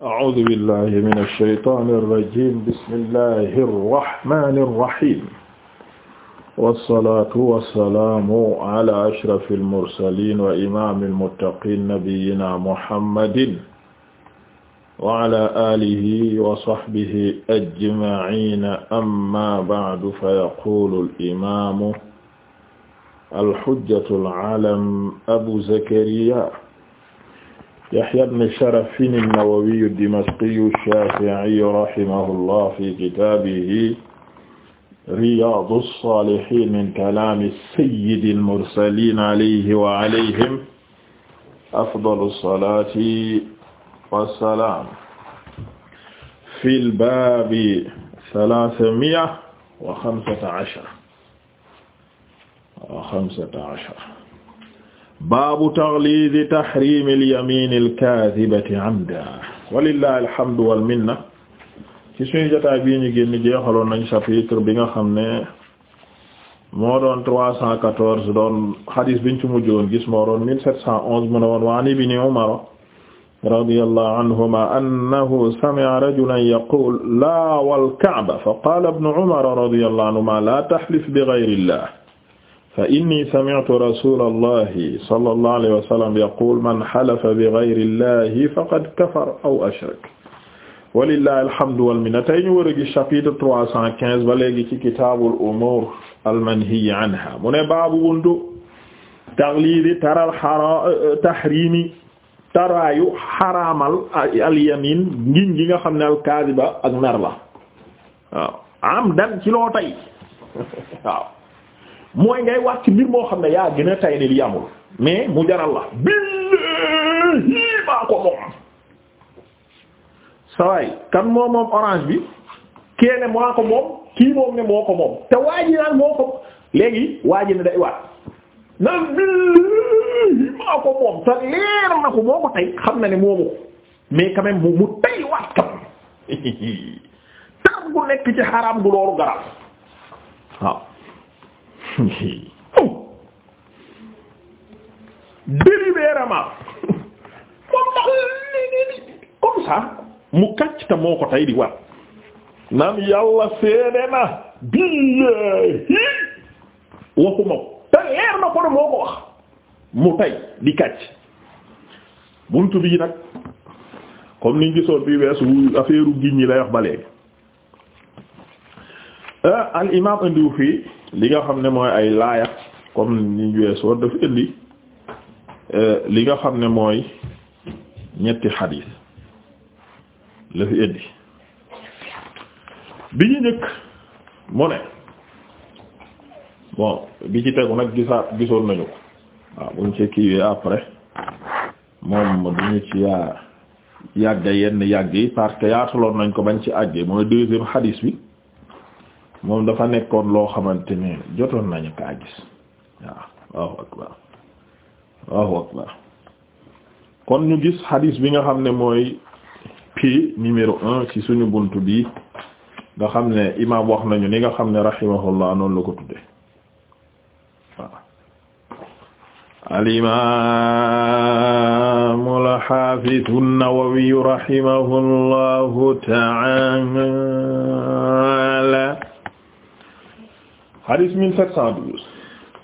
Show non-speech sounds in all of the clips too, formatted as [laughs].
a'uuzu billahi mina shaytaani rajiim bismillahi rahmaani rahiim wassalaatu wassalaamu ala ashrafil mursaliin wa imaamil muttaqiin nabiyyinaa muhammadin wa ala aalihi wa sahbihi ajma'iina amma ba'du fayaquulu al-imaamu al-hujjatul alam abu zakariyaa يحيى بن شرف النووي الدمشقي الشافعي رحمه الله في كتابه رياض الصالحين من كلام السيد المرسلين عليه وعليهم أفضل الصلاة والسلام في الباب ثلاثمائة وخمسة عشر وخمسة عشر baabu taxliidi taxriimi al-yamiini al-kaadibati amdan walillaahi alhamdu wal minna ci suñu jotaay bii ñu génn jeexaloon nañ chapitre bi nga xam ne moo doon trois cent quatorze doon xadiis biñ ci mujjoon gis moo doon mille sept cent onze mu ne woon wa an ibni umar radiyallahu anhuma annahu sami'a rajulan yaqulu laa wal ka'ba fa qaala ibnu umar radiyallahu anhuma laa tahlif bi ghayri llah fa inni sami'tu rasulallahi sallallahu alayhi wa sallam yaqul man halafa bighayri llahi faqad kafara aw ashraka walillahi alhamdu wal minna tey ñu war a gis chapitre trois cent quinze ba léegi ci kitaabul umuur almanhiyi anha mu ne baabu buntu taxliidi taral tahrimi taraayu xaraamal alyamin ngiñ gi nga xam ne alkaadiba ak nar la waaw am dan ci loo tey [laughs] waaw mooy ngay wax ci mbir moo xam ne yaa gën a tay ni li mais mu jaral la billahi maa ko moom sawaay kan moom orange bi keene maa ko moom kii moom ne moo ko moom te waa ji naan moo ko léegi waa ji ne day waat naan billahi maa ko moom te leer na moo ko tey xam na ne moomu ko mais quand mu tey waat kam [laughs] tar gu nekk ci xaraam gu loolu garal waaw Oh! délibérément [laughs] moom tax li li mu kàcc te moo ko tey di war naan yàlla seede na billaahi waxuma ko te leer na ko ne moo ko wax mu tey di kàcc buntu bii nag comme niñ gisoon bii weesu affaire ñi lay wax ba léegi ah, al imaam andiwu fii li nga xam ne mooy ay laaya comme ni ñu weesoo dafa indi euh, li nga xam ne mooy ñetti xadiis la fi indi bi ñu njëkk mu ne bon bi ci tegu nag gisaat gisoon nañu ko waaw buñ ci kiiwee après moom duñu ci yaa yàgga yenn yàgg yi parce que yaataloon nañ ko bañ ci àggee mooy deuxième xadiis bi moom dafa nekkoon loo xamante ne jotoon nañu kaa gis waaw waaw akbar waaw akbar kon ñu gis hadis bi nga xam ne mooy pi numéro un ci suñu bunt bi nga xam ne imaam wax nañu ni nga xam ne rahimahullah noonu la ko tudde waaw al imaam nawawi rahimahullahu ta'ala hadis 1712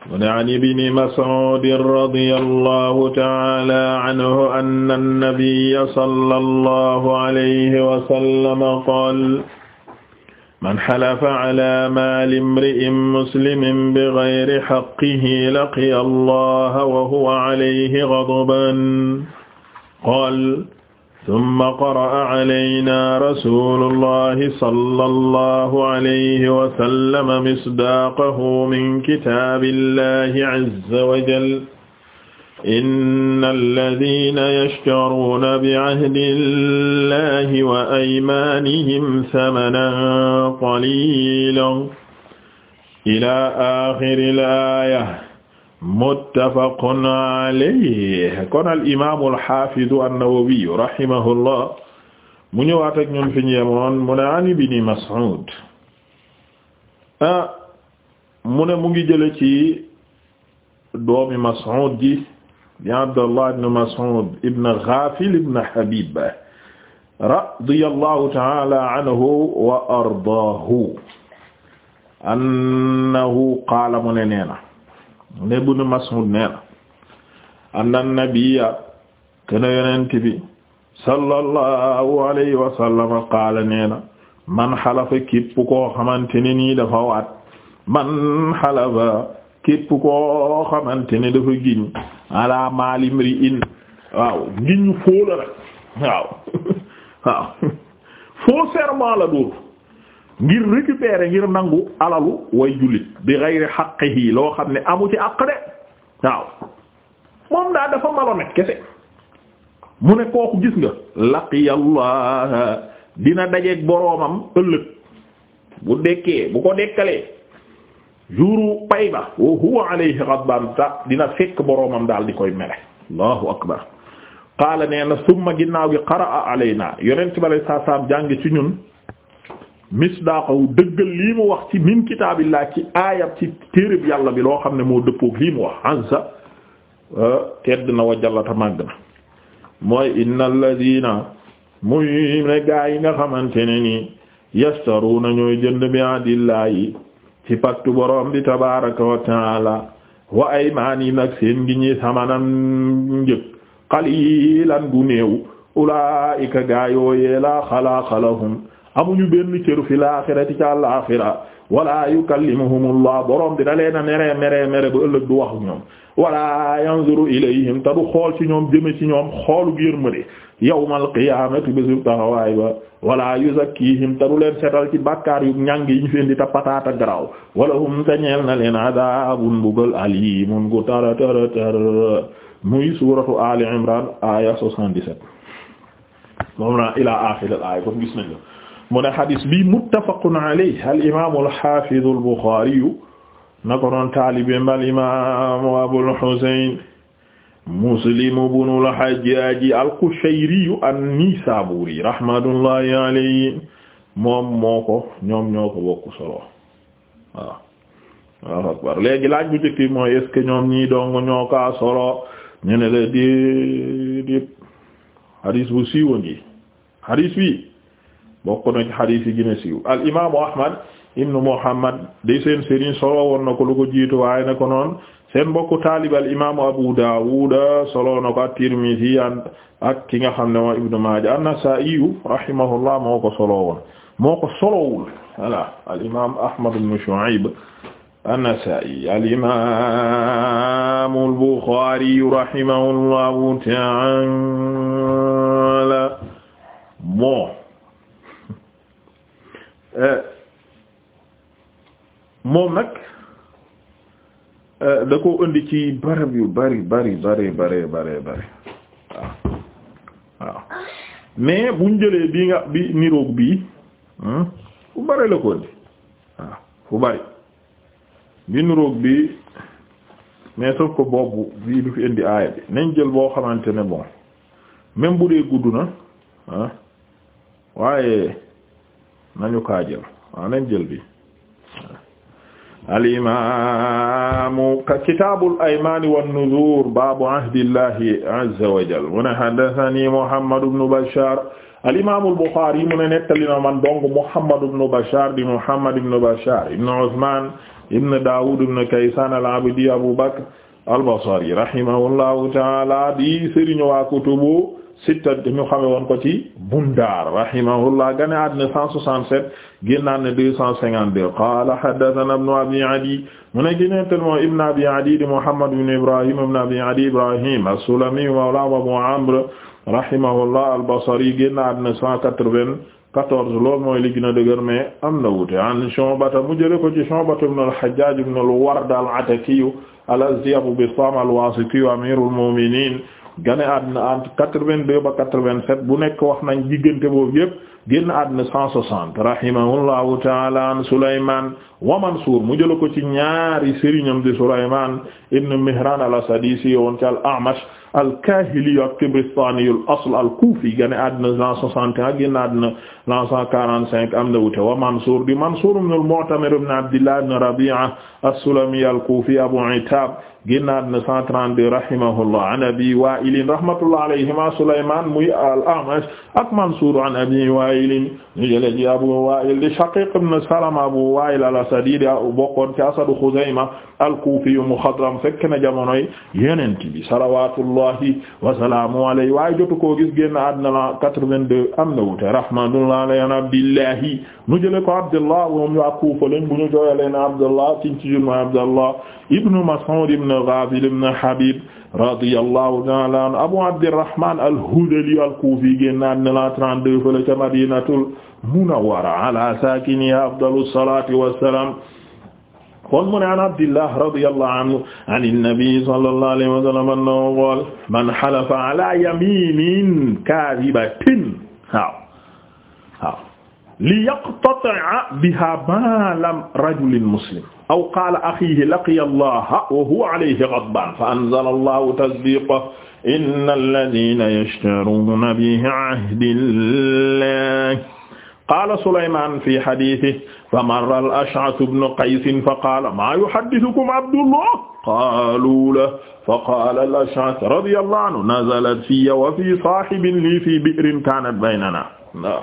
mu ne an ibni Mas'ud radiyallahu ta'ala anhu anna an-nabiyya sallallahu alayhi wa sallam qaala man halafa ala maali imri'in muslimin bighayri haqqihi laqiya Allaha wa huwa alayhi ghadban qaala summa qara'a alaynaa rasuulullahi sallallahu alayhi wa sallam misdaaqahu min kitaabillahi azza wa jalla innal laziina yashtaruuna bi'ahdillahi wa aymaanihim samanan qaliilan ilaa aaxiril aaya muttafaqun alayhi kon al imaamu al xaafidu an-Nawawi rahimahullah mu ñëwaat ak ñun fi ñu yemoon mu ne an ibni Mas'ud ah mu ne mu ngi jële ci doomi Mas'ud ji di Abdallah ibn Mas'ud ibn Ghafil ibn Habib radiyallahu ta'ala anhu wa ardaahu annahu qaala mu ne nee na ne Ibnu Mas'ud nee na anna nabiyya kana yonent bi sallallahu alayhi wa sallam qaala nee na man xalafa képp koo xamante ne nii dafa waat man xalafa képp koo xamante ne dafa giñ ala maali mri'in waaw giñ fóola rek waaw [laughs] waaw faux ngir récupérer ngir nangu alalu way jullit bi gayri xaqihi loo xam ne amu ci àq de waaw moom daa dafa malhonnête kese mu ne kooku gis nga laqiyallah dina dajeeg boroomam ëllëg bu dekkee bu ko dekkalee juru pay ba wa huwa alayhi dina fekk boroomam daal di koy mere allahu akbar qaala nee na ginnaaw gi qaraa alayna yonent bi sallallahu alayhi wasallam jàng ci ñun misdaqahu dëggal lii mu wax ci min kitaabillah ci aayam ci téeréb yàlla bi loo xam ne moo dëppoog lii mu wax ansa euh, tedd na wa jallata màgg na mooy inna alladina muy ne gaa yi nga xamante ne nii yastaruna ñooy jënd bi adillahi ci pactu boroom di tabaraka wa taala wa aymaani nag seen gi ñi samanan njëg qalilan gu néew ulaika gaa yooyee lahum amuñu benn cëru fil aaxirati ca al-aaxira wala yukallimuhumullah borom bi da leen a meree mere ba ëllëg du wax ñoom wala yanzuru ilayhim ta du xool ci ñoom jëme ci ñoom xoolu yërmande yawmal qiyaamati bésu taxawaay ba wala yuzakkihim te du leen setal ci bàkkaar yu ñàng yi ñu feen di ta pataata garaaw wala hum teñeel na leen adaabun bugal aliimun gu tara tara tar muy suuratu Ali Imran aya 77 moom na ila aaxiril aaya kon gis nañu mu ne bi muttafaqun alayhi al imaamu al xaafidu al buxaariyu al imaamu al hajjaaj al qushayriyu an moom moo ñoom ñoo ko solo waaw waaw akbar léegi laaj bu njëkk ñoom ñii dong ñoo kaa solo ñu ne di di xadis bu siiwa ngi xadis bi bokk na ci xadiis yi al imaamu ahmad ibnu muhammad di seen sëriñ solo woon na ko lu ko jiitu na ko seen mbokku taalib al imaamu abu daawuda solo ko at-tirmidhi ak ki nga xam ne waa ibnu maaja an-nasaa'i moo ko solo woon moo ko solowul voilà al imaam ahmad ibnu shu'ayb an-nasaa'i al imaamu al buxaari rahimahullahu ta'ala moo Euh, moom nag euh, da ko indi ci barab yu bari bari bari bari bari bari waaw waaw mais buñ jëlee bi nga bi niroog bii hmm, fu bari la ko indi waaw fu bari bi niroog bi mais sauf ko boobu bii du fi indi aaya bi nañ jël boo xamante ne bon même bu dee gudd na waaye nañu kaa jël waaw nañ jël bi al imaamu kitaabul aymaani wan nuzuur baabu ahdillahi azza wa jal mu ne haddathanii Muhammad ibn Bashaar al imaamul Buxaari mu ne nettali na man dong Muhammad ibn Bashaar di Muhammad ibn Bashaar ibn Usmaan ibn Daawuud ibn Kaysaan al-Abdi Abu Bakr al-Basri rahimahullahu ta'aala di sëriñ wa kutubu sitta ñu xame woon ko ci Bundaar rahimahullah gane àddina 167 génnaat na 252 qaala haddathana ibnu abi adi mu ne ki nettal moo ibnu abi adi di Muhammad ibn Ibrahim ibnu abi adi Ibrahim as-Sulami Abu Amr rahimahullah al-Basri génnaat na 180 14 lool mooy li gën a dëgër mais am na wuute an Shu'bata ko ci Shu'bata ibn al-Hajjaj ibn al-Ward al-Ataki al-Azdi Abu Bistam al-Wasiti amirul mu'minin gane àddina entre quatre-vingt-deux ba quatre-vingt-sept bu nekk wax nañ diggante boobu yépp génn àdduna 160 rahimahullahu ta'ala an Sulaymaan wa Mansuur mu jëla ko ci ñaari sëriñam di Sulaymaan ibn Mihraan al-Asadi si yowoon ci al-A'mash al-Kaahili at-Tabaristaani al-asl al-Kuufi génn àdduna l'an 61 génn àdduna l'an 145 am na wute wa Mansuur di Mansuur ibn al-Mu'tamir ibn Abdillah ibn Rabi'a as-Sulami al-Kuufi Abu Itaab génn àdduna 132 rahimahullah an Abi Waa'il rahmatullah alayhima Sulaymaan muy al-A'mash ak Mansuur an Abi Waa'il Waa'il ñu jële ji Abu Waa'il di Shaqiq ibn Salama Abu Waa'il al-Asadi di bokkoon ci asadu Xuzayma al-Kufi muxadram fekk na jamonoy Yonent bi salawaatullahi wa salaamuhu alayhi waaye jotu koo gis génn àddina la 82 am na wuute rahmatullahi alayhi an Abdillahi ñu jële ko Abdullah moom waa Kufa lañ bu ñu jooyalee na Abdullah ci ci Abdullah ibn Mas'ud ibn Ghafil ibn Habib radiyallahu ta'ala anhu Abu Abdirrahman al-Hudali al-Kufi génnaat na la 32 fële ca Madinatul Munawwara ala sakiniha afdalu salaati wa salaam kon mu ne an Abdillah radiyallahu anhu an an-nabi sallallahu alayhi wa sallam annahu qaala man halafa ala yaminin kadibatin waaw waaw li yaqtati'a biha maala rajulin muslim aw qaala axiihi laqiya allaha wa huwa alayhi ghadbaan fa anzala allahu tasdiqahu inna alladhina yashtaruna bi ahdi llahi qaala sulaymaan fi hadiithihi famarra al-ash'ath ibnu qays faqaala maa yuhaddithukum abdullah qaaluu lahu faqaala al-ash'ath radiyallahu anhu nazalat fiyya wa fii saahibin lii fii bi'rin kaanat baynanaa [laughs]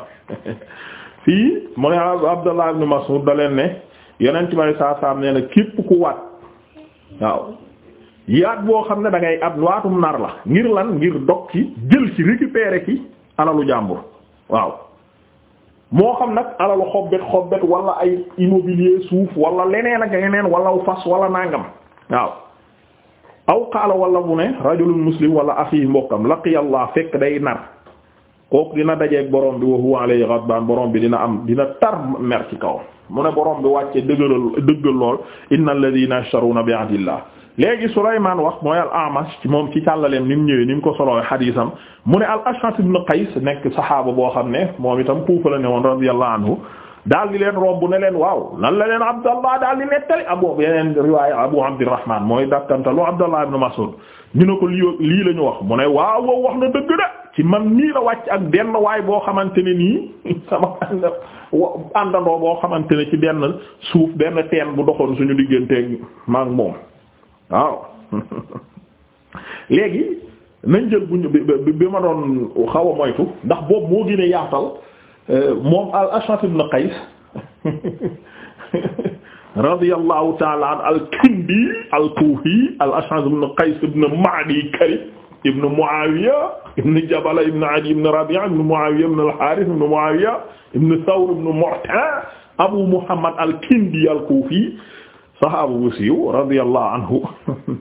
fii mu ne Abdullah ibn Mas'ud da leen ne yonent bi saa saa nee na képp ku waat waaw yaat boo xam ne dangay ngay ab waatum nar la ngir lan ngir dog ci jël ci récupérer ci alalu jàmbur waaw moo xam nag alalu xobbet xobbet wala ay immobilier suuf wala leneen ak leneen wala fas wala nangam waaw aw qaala wala bu ne rajulun muslim wala axi mbokkam laqiya fekk day nar. kooku dina dajeeg borom bi wa huwa alayhi ghadban borom bi dina am dina tar mer ci kaw mu ne borom bi wàccee dëgëral dëggal lool innal ladina yashtaruna bi ahdillah léegi Sulaymaan wax mooy al moom ci càllaleem ni mu ñëwee ni mu ko solowee xadiisam mu ne al-Ash'ath ibn Qays nekk saxaaba boo xam ne moom itam Kuufa la ne woon radiyallahu anhu daal di leen romb ne leen waaw nan la leen Abdallah daal di nettali abu yeneen riwaaya Abu Abdirrahmaan mooy dakkantalu Abdallah ibn Mas'ud ñu ne ko lii lii la ñu wax mu ne waaw wax na dëgg de ci man nii la wàcc ak benn waay boo xamante ne nii [laughs] sama àndandoo boo xamante ne ci benn suuf benn teen bu doxoon suñu digganteeg maak moom waaw [laughs] léegi nañ jël bu bi bi ma doon xaw a moytu ndax boobu moo gën a yaatal euh, moom al Ash'ath ibn Qays [laughs] radiyallahu ta'ala an al-Kindi al-Kufi al Ash'ath ibn Qays ibn Ma'di Karim ibn Muawiya ibn Jabala ibn Adi ibn Rabi'a ibn Muawiya ibn al-Harith ibn Muawiya ibn Thawr ibn Mu'ta Abu Muhammad al-Kindi al-Kufi sahaaba bu siiw radiyallahu anhu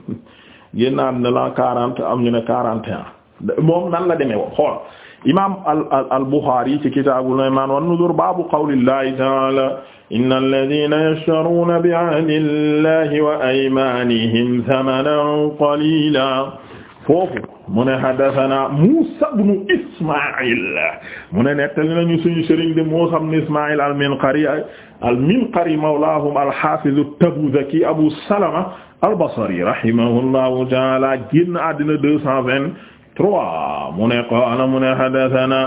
[laughs] génnaan ne la quarante am ñu ne quarante et un moom nan la demee woon xool imam al al-Bukhari ci kitaabul iimaan wan nuzuur baabu qawlillahi ta'aala innal laziina yashtaruuna bi'ahdillahi wa aymaanihim thamanan qaliilan foofu mu ne haddathana Muusa ibn Ismaa'il mu ne nettali nañu suñu sëriñ de Muusa ibn Ismaa'il al-Minqari al-Minqari mawlaahum al-Haafiz at-Tabuzaki Abu Salama al-Basri rahimahullahu ta'ala génn àddina deux cent vingt-trois mu ne qaala mu ne haddathana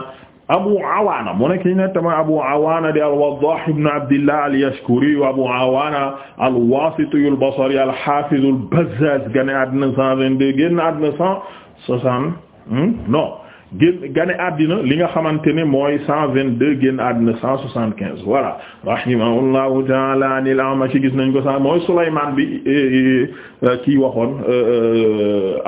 abu awaana mu nekk ñu ne tamit abu awaana di al-Waddaah ibn Abdillah al-Yashkuri wa abu awaana al-Waasiti al-Basri al-Haafiz al-Bazzaaz gane àddina cent vingt-deux génn àddina cent soixante hmm? non génn gane àddina li nga xamante ne mooy cent vingt deux génn àddina cent soixante quinze voilà rahimahullahu ta'ala anil A'mashi gis nañ ko sax mooy Sulaymaan bi eh, eh, eh, kii waxoon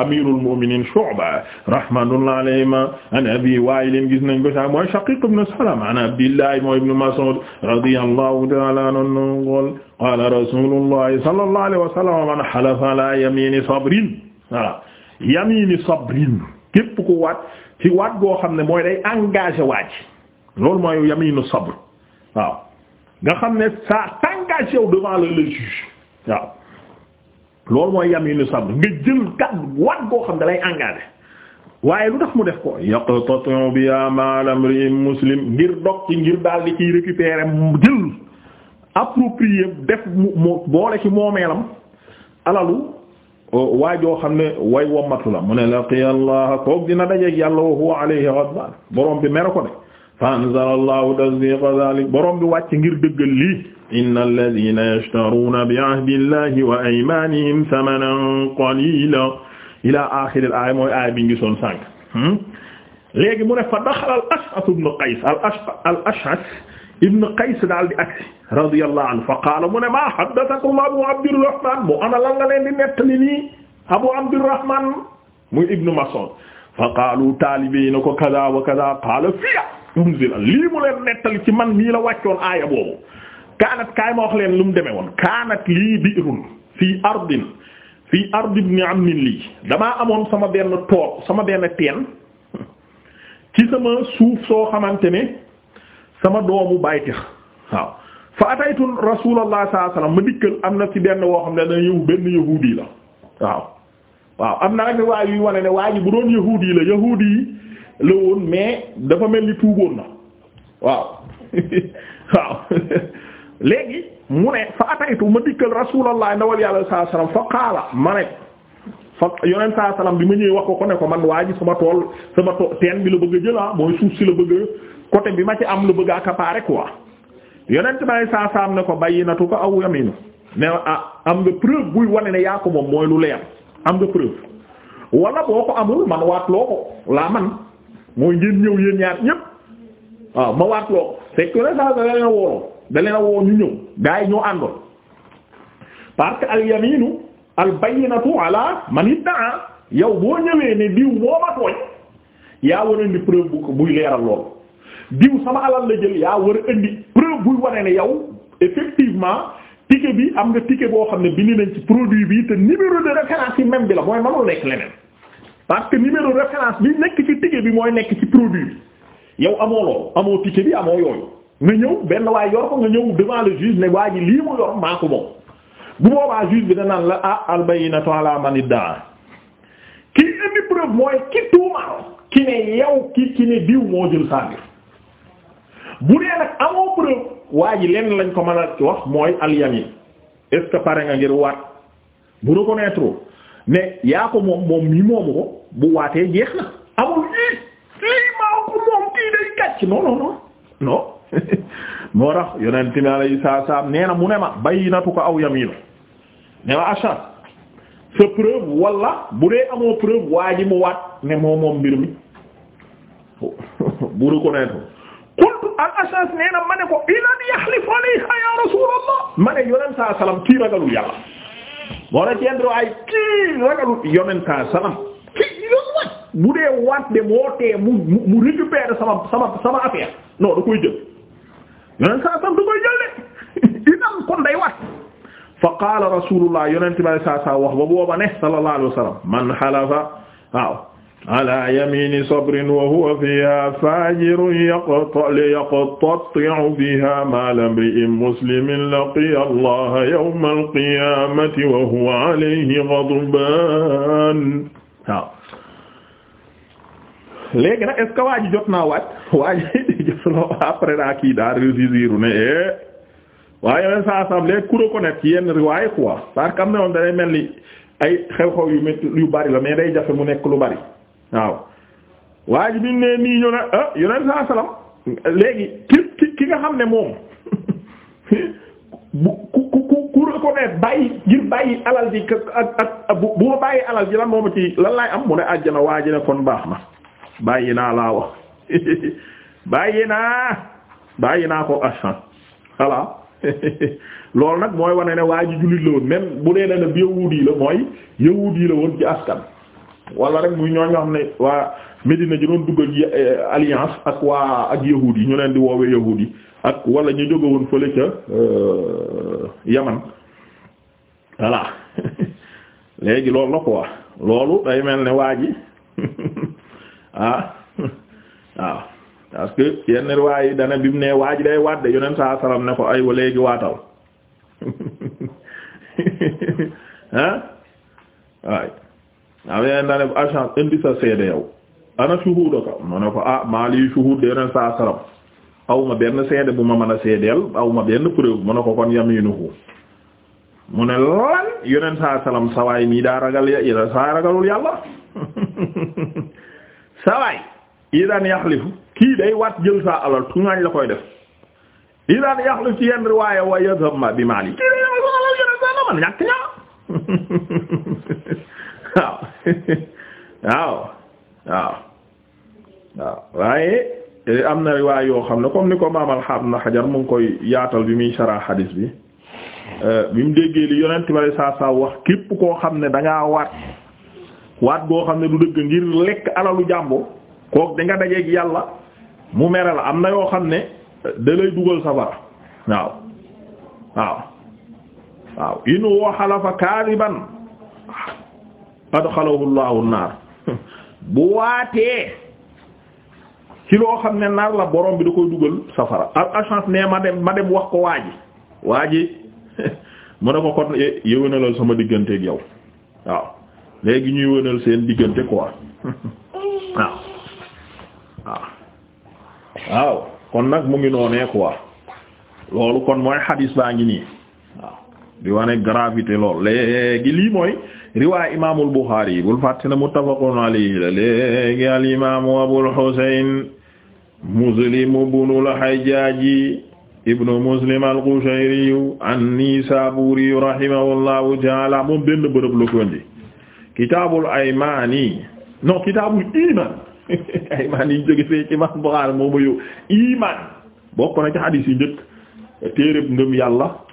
amirul mu'minin Shu'ba rahmatullahi alayhima an Abi Wa'il gis nañ ko sax mooy Shaqiq ibn Salama an Abdillah mooy ibn Mas'ud radiyallahu ta'ala anhu qala rasulullahi sallallahu alayhi wa sallam man halafa ala yamini sabrin voilà yamini sabrin képp ku waat ci waat goo xam ne mooy day engagé waaj loolu mooy yaminu sabr waaw nga xam ne ça s'engage yow devant le juge waaw loolu mooy yaminu sabr nga jël kàddu waat goo xam ne da lay engagé waaye lu tax mu def ko yaqtatu bi amal amri muslim ngir dog ci ngir daal di ciy récupérer jël approprié def mu boole ci moomeelam alalu waa joo xam ne way wommatu la mu ne laqiya allah koog dina dajeeg yàlla wa huwa alayhi ghadban borom bi mere ko de fa anzala allahu tasdiqa dhalik borom bi wàcc ngir dëggal lii inna alladhina yashtaruna bi ahdi allahi wa aymanihim thamanan qalila ila akhiril aaya mooy aaya bi ñu gisoon sànq hmm? léegi mu ne fa daxala al ash'ath ibn qays al ash'ath Ibn Qays daal di agsi radiyallahu anhu fa qaala mu ne maa haddathakum Abu Abdirrahman mu ana lan nga leen di nettali nii Abu Abdirrahman muy Ibn Mas'ud fa qaalu taalibe yi na ko kaza wa kaza qaala fiya unzila lii mu leen nettali ci man nii la wàccoon aaya boobu kaanat kaay ma wax leen lu mu demee woon kaanat lii bi'run fii ardin fii ardi ibn ammi lii damaa amoon sama benn tool sama benn teen ci sama suuf soo xamante ne sama doomu baytix waaw fa ataytu rasulallah sallallahu alayhi ma dikkal am na ci benn woo xam ne dana yëwu benn yahuudi la waaw waaw am na rek waa yuy wane ne waa ji bu doon yahuudi la yahuudi la woon mais dafa mel ni tuuboon na waaw [laughs] waaw [laughs] léegi mu ne fa ataytu ma dikkal rasulallah ndawal yàlla sallallahu alayhi wasallam fa qaala ma ne fa yoneen saa salaam bi ma ñëwee wax ko ko ne ko man waa ji sama tool sama tool teen bi la bëgg a jël ah, mooy suuf si la bëgg côté bi ma ci am lu bëgg a accaparer quoi yonent may saa saam ne ko bayyinatu ko aw yaminu ne ah am nga preuve buy wane ne yaa ko moom mooy lu leer am nga preuve wala boo ko amul man waat loo ko laa man mooy ngeen ñëw yéen ñaar ñépp waaw ma waat loo ko fekk saa da leen woo da leen a woo ñu ñëw gaa yi ñoo àndoon parce al yaminu al bayyinatu ala man idda'a yow boo ñëwee ne diw moo ma tooñ yaa wane ni preuve buy leeral lool. diw sama alal la jël yaa war a indi preuve buy wane ne yow effectivement ticket bi am nga ticket boo xam ne bi bind nañ ci produit bi te numéro de référence même bi la mooy mënul nekk leneen parce que numéro de référence bi nekk ci ticket bi mooy nekk ci produit bi yow amoo loolu amoo ticket bi amoo yooyu nga ñëw benn waaye yor ko nga ñëw devant le juge ne waa ji lii mu yor maa bu boobaa juge bi da la ah albayinatu ala man iddaa kii indi preuve ki tuumaal ki ne yow ki ki ne moo jël bu dee nag amoo preuve waa ji lenn lañ ko mën a wax mooy alyamin est-ce que pare nga ngir waat bu reconnaître ne yaa ko moom mii moomu ko bu waatee jeex na amul lii lii maa ko moom kii day kàcc non non non non [laughs] moo tax yonent bi alayhi salaam nee na mu ne ma bayyinatu ko aw yaminu ne ma achar sa preuve wala bu dee amoo preuve waa ji mu waat ne moo moom mbir mi [laughs] bu reconnaître qultu al ashas nee na ma ne ko ilan yaxlif alayha ya rasulallah ma ne yonent saa kii ragalul yàlla moo na ci endro ay kii ragalul yonent saa salaam kii yoon wat bu dee waat de moo mu mu récupérer sama sama sama affaire non da koy jël yonent saa salaam da koy jël de [laughs] inan kon day wat fa qaala rasulullah yonent bi saa saa wax ba booba ne sallallahu alayhi wa sallam man xalafa waaw ala yamini sabrin wa huwa fiha fajirun yaqtati'u fiha mala mri'in muslimin laqiya allaha yawma alqiyamati wa huwa alayhi ghadban waaw léegi nag est-ce que waa ji jot naa waaj [laughs] waa ji jot na après daa kii daa réussir ne eh waaye yeneen saa saam léegi ku reconnaître ci yenn riwaay quoi parce que am na yoon da day mel ni ay xew-xew yu métti yu bari la mais day jafe mu nekk lu bari. waaw waa ji biñ ne nii ñu ne ah yonent saa salaam léegi ki ki nga xam ne moom [laughs] bu ku ku ku reconnaître bàyyi ngir bàyyi alal ji ak ak bu bu ma bàyyi alal ji lan moom ci lan laay am mu ne àjjana waa ji ne kon baax na bàyyi naa laa wax [laughs] bàyyi naa bàyyi naa ko achan voilà [laughs] loolu nag mooy wane ne waa ji jullit la woon même bu dee ne ne bi yahuud yi la mooy yahuud yi la woon ci askan. wala rek muy ñoo xam ne waa Medina ji doon dugg ak eh, alliance ak waa ak yahuud yi ñu leen di woowe yahuud yi ak wala ñu jóge woon fële ca euh, Yaman voilà [laughs] léegi loolu la quoi loolu day mel ni waa ji [laughs] ah [laughs] waaw parce yenn riwaay yi dana bi mu ne waa ji day waat de yonent saa salaam ne ko aywa léegi waatal ah waay amee na ne agent indi sa seede yow ana shuhuudaka mu ne ko ah maa lii shuhuud yeneen saa salam aw ma benn seede bu ma mën a seedeel aw ma benn preuve mu ne ko kon yaminuhu mu ne lan yeneen saa salam sawaay mii daa ragal ya ila saa ragalul yàlla [laughs] sawaay idan yaxlifu kii day wat jël saa alal tuŋaañ la koy def idan yaxlif ci yenn riwaaya wa yadhab ma bi maali kii day ma ko alal yeneen saa la man ñàkk [laughs] [laughs] waaw waaw waaw waaye am na riwaay yoo xam ne comme ni ko maamal xam na xajar mu ngi koy yaatal bi muy saraa xadiis bi euh, bi mu déggee li yonent bari saa saa wax képp koo xam ne danga waat waat boo xam ne du dëgg ngir lekk alalu jàmbur kook danga dajeek yàlla mu mere am na yoo xam ne da lay dugal safara waaw waaw waaw in huwa xalafa kaadiban adxalahu llahu naar bu waatee ci loo xam ne naar la borom bi da koy dugal safara ak agence ne ma dem ma dem wax ko waa ji waa ji [laughs] mu ne ko kon eh, yëwénalal sama digganteeg yow waaw léegi ñuy wënal seen diggante quoi [laughs] waaw waaw waaw kon nag mu ngi noonee quoi loolu kon mooy xadiis baa ngi nii waaw di wane lii mooy riwaay imaamu Abul Husayn Muslim ibnul Hajjaaji ibnu Muslim al-Qushayri an-Nisaburi rahimahullahu benn bërëb la ko kitaabul aymaani non kitaabul iman [laughs] aymaan yi fee ci imaam Buxaari moom mooy iman bokk na ci hadiis njëkk téereb ngëm yàlla.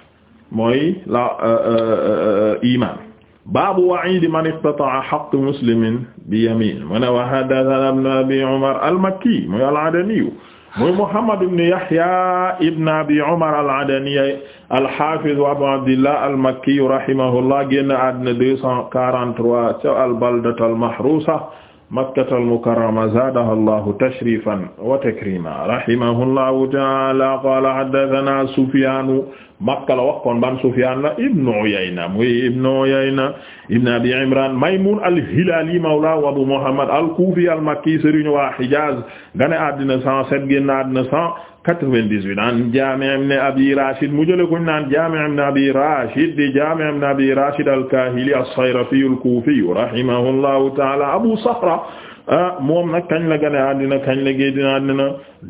mooy la euh, euh, euh, iman baabu wa'iid man iqtata'a haqq muslimin bi yamin mu ne wa haddathana ibn abi umar al-makki muy al-adani muy muhammad ibn yahya ibn abi umar al-adani al-hafiz abu abdillah al-makki rahimahullah génn àddina 243 ca al-baldatal mahrusa makkata al-mukarrama zaadaha allahu tashrifan wa takrima rahimahullahu taala qala haddathana Sufyanu makka la wax kon ban Sufyan la ibnu Uyayna muy ibnu Uyayna ibnu abi Imran Maymun al-Hilali mawla Abu Muhammad al-Kufi al-Makki sëriñ waa Hijaz gane àddina 107 génn àddina 100 98 an Jaami' ibn Abi Rashid mu jëlee ko naan Jaami' ibn Abi Rashid di Jaami' ibn Abi Rashid al-Kahili as-Sayrafi al-Kufi rahimahullahu ta'ala Abu Sahra ah, moom nag kañ la gane àddina kañ la géej àddina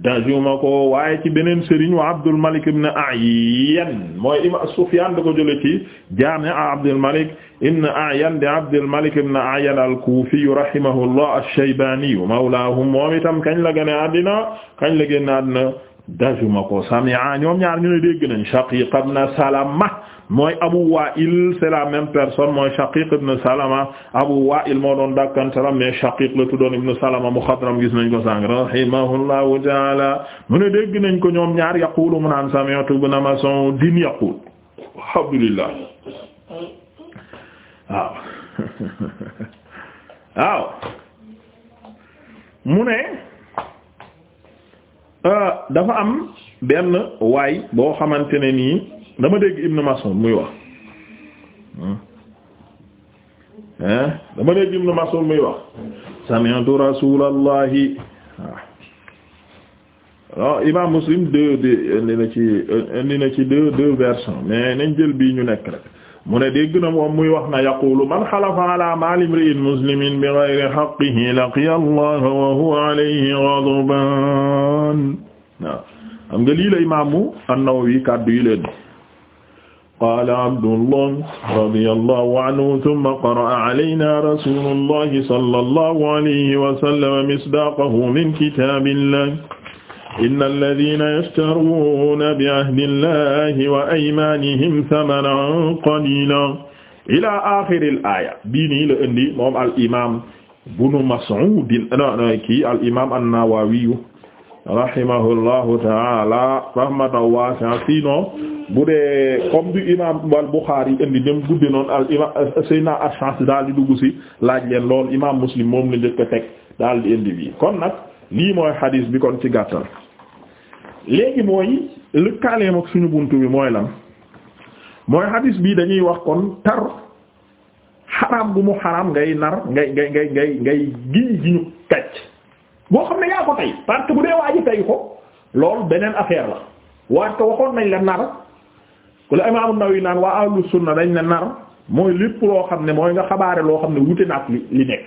dajuma ko waaye ci beneen sëriñ wa Abdul Malik ibn A'yan mooy Imam Sufyan da ko jëlee ci Jaami' Abdul Malik ibn A'yan di Abdul Malik ibn A'yan al-Kufi rahimahullah ash-Shaybani mawlahum moom itam kañ la gane àddina kañ la génn àddina dajuma ko sami'a ñoom ñaar ñu ne dégg nañ Shaqiq ibn Salama mooy Abu Wa'il c'est la même personne mooy Shaqiq ibn Salama Abu Wa'il moo doon dakkan Salama mais Shaqiq la tuddoon ibn Salama mukhadram gis nañ ko sàng rahimahullahu ta'ala mu ne dégg nañ ko ñoom ñaar yaqulu mu naan sami'tu ibn Mas'ud din yaqul alhamdulillah waaw [laughs] waaw mu ne Euh, dafa am benn waay boo xamante ne nii dama dégg Ibn Mas'ud muy wax ah dama dégg Ibn Mas'ud muy wax sami'tu rasulallahi waaw ah. imam Muslim deux deux indi na ci euh, indi na ci deux deux versions mais nañ jël bii ñu nekk rek mu ne dégg na moom muy wax na yaqulu man xalafa ala maali imri'in muslimin bi ghayri haqqihi laqiya allaha wa huwa alayhi ghadban waaw xam nga lii la imaamu an-Nawawi kàddu yi leen qaala Abdullah radiyallahu anhu thumma qara'a alayna rasulullahi sallallahu alayhi wa sallam misdaaqahu min kitaabillah inna alladina yashtaruuna bi ahdi llahi wa aymaanihim samanan qalilan ila axiril aaya bii nii la indi moom al imaam bunu Mas'uud kii al imaam an-Nawawi rahimahullahu taala rahmatan waasi'a sinon bu dee comme du imaam al Buxaari indi dem guddi noonu al imaam Seydina Ash'as daal di dugg si laaj leen lool imaam Muslim moom la njëkk a teg daal di indi bi kon nag. lii mooy xadiis bi kon ci gàttal léegi mooy lëkkaaleem ak suñu buntu bi mooy lan mooy xadiis bii dañuy wax kon tar xaram bu mu xaraam ngay nar ngay ngay ngay ngay ngay giñ gi ñu kàcc boo xam ne yaa ko tey parce que bu dee waa ji tey ko loolu beneen affaire la waat ko waxoon nañ la nar ku la Imaam an naan waa ahlu na dañ ne nar mooy lépp loo xam ne mooy nga xabaare loo xam ne wute naat li li nekk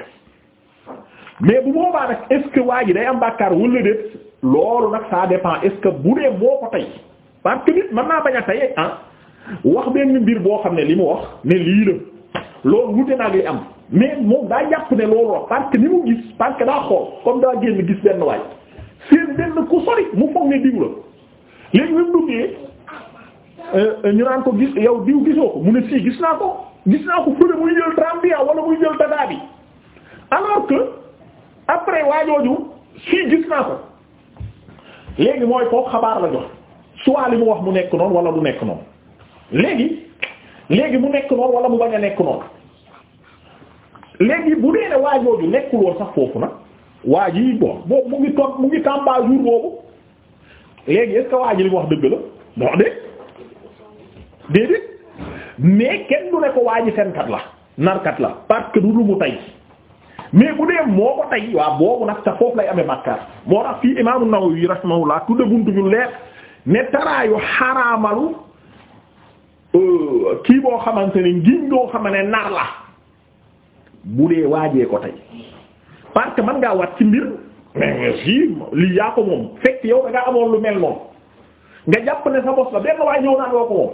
mais bu boobaa nag est-ce waa ji day am bàkkaar wala déet loolu nag ça dépend est que bu dee boo ko tey park bi man mën naa bañ a tey ah wax benn mbir boo xam ne li mu wax ne lii la loolu wute naag li am mais moom daa jàpp ne loolu wax parce que ni mu gis parce daa xool comme daa génn gis benn waay seen benn ku sori mu foog ne diw la léegi bi duggee euh, ñu naan ko gis yow diw gisoo ko mu ne sii gis naa ko gis naa ko fële muy jël trambi ah, wala muy jël tadaa après waajooju si gis naa ko léegi mooy kooku xabaar la jox soit li mu wax mu nekk noonu wala du nekk noonu léegi léegi mu nekk noonu wala mu bañ a nekk noonu léegi bu dee ne waajooju nekkul sax foofu na waa ji bon boobu mu ngi toog mu ngi tàmbaa jour boobu léegi est-ce que waa ji li mu wax dëgg la dox de déedéet mais kenn du ne ko waa ji fenkat la narkat la parce que du lu mu tey mais bu dee moo ko tey waaw boobu nag sa foofu lay amee bàkkaar moo tax fii imaamu Nawawi rahimahullah tudde buntu ñu leer ne taraayu xaraamalu euh, kii boo xamante ne ngiñ doo xama ne nar la bu dee waajee ko tey parce que mën ngaa wat ci mbir mais si lii yaa ko moom fekk yow da ngaa amoon lu mel noonu nga jàpp ne sa bos la benn waaye naa loo ko moom